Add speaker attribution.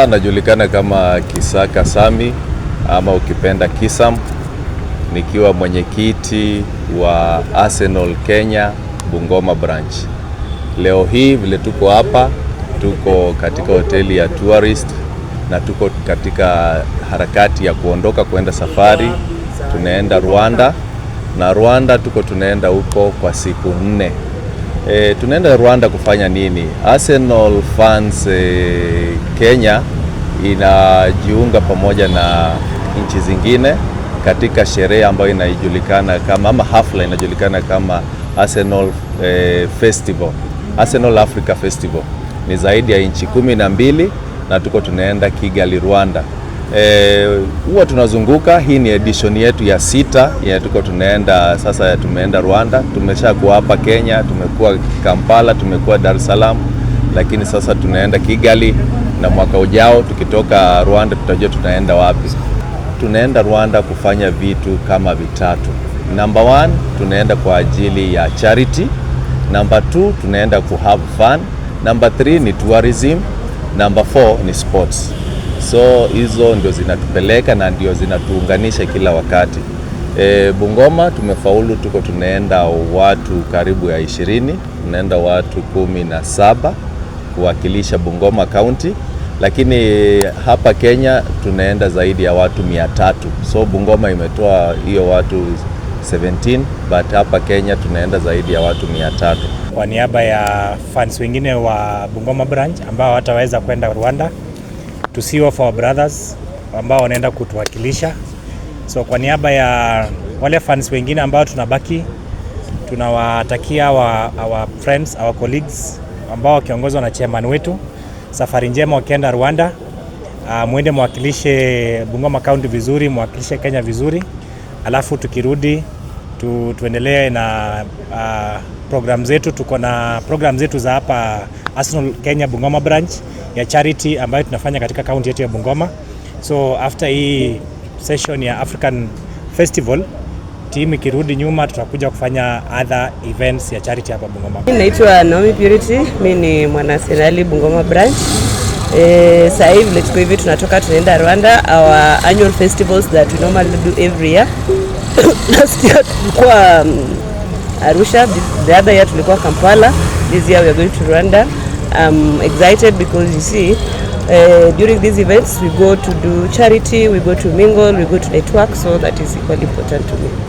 Speaker 1: anajulikana kama Kisaka Sami ama ukipenda Kisam, nikiwa mwenyekiti wa Arsenal Kenya Bungoma branch. Leo hii vile tuko hapa, tuko katika hoteli ya Tourist na tuko katika harakati ya kuondoka kwenda safari, tunaenda Rwanda na Rwanda tuko tunaenda huko kwa siku nne. E, tunaenda Rwanda kufanya nini? Arsenal fans e, Kenya inajiunga pamoja na nchi zingine katika sherehe ambayo inajulikana kama ama hafla inajulikana kama Arsenal e, Festival. Arsenal Africa Festival ni zaidi ya nchi kumi na mbili na tuko tunaenda Kigali, Rwanda. Eh, huwa e, tunazunguka. Hii ni edition yetu ya sita ya tuko tunaenda sasa, tumeenda Rwanda, tumeshakuwa hapa Kenya, tumekuwa Kampala, tumekuwa Dar es Salaam, lakini sasa tunaenda Kigali, na mwaka ujao tukitoka Rwanda tutajua tunaenda wapi. Tunaenda Rwanda kufanya vitu kama vitatu. Number one, tunaenda kwa ajili ya charity. Number two, tunaenda ku have fun. Number three ni tourism. Number four ni sports. So hizo ndio zinatupeleka na ndio zinatuunganisha kila wakati. E, Bungoma tumefaulu, tuko tunaenda watu karibu ya ishirini, tunaenda watu kumi na saba kuwakilisha Bungoma kaunti lakini hapa Kenya tunaenda zaidi ya watu mia tatu. So Bungoma imetoa hiyo watu 17 but hapa Kenya tunaenda zaidi ya watu mia tatu.
Speaker 2: Kwa niaba ya fans wengine wa Bungoma branch ambao hataweza kwenda Rwanda to see of our brothers ambao wanaenda kutuwakilisha. So kwa niaba ya wale fans wengine ambao tunabaki, tunawatakia our, our friends our colleagues ambao wakiongozwa na chairman wetu, safari njema wakienda Rwanda. Uh, mwende mwakilishe Bungoma County vizuri, mwakilishe Kenya vizuri, alafu tukirudi tu, tuendelee na uh, program zetu. Tuko na program zetu za hapa Arsenal Kenya Bungoma branch ya charity ambayo tunafanya katika kaunti yetu ya Bungoma. So after hii session ya African Festival team ikirudi nyuma, tutakuja kufanya other events ya charity hapa Bungoma.
Speaker 3: Mimi naitwa Naomi Purity, mimi ni mwanaserali Bungoma branch. Eh, sasa hivi let's go hivi tunatoka tunaenda Rwanda, our annual festivals that we normally do every year. Last year tulikuwa um, Arusha, the other year tulikuwa Kampala, this year we are going to Rwanda. I'm excited because you see uh, during these events we go to do charity, we go to mingle, we go to network so that is equally important to me.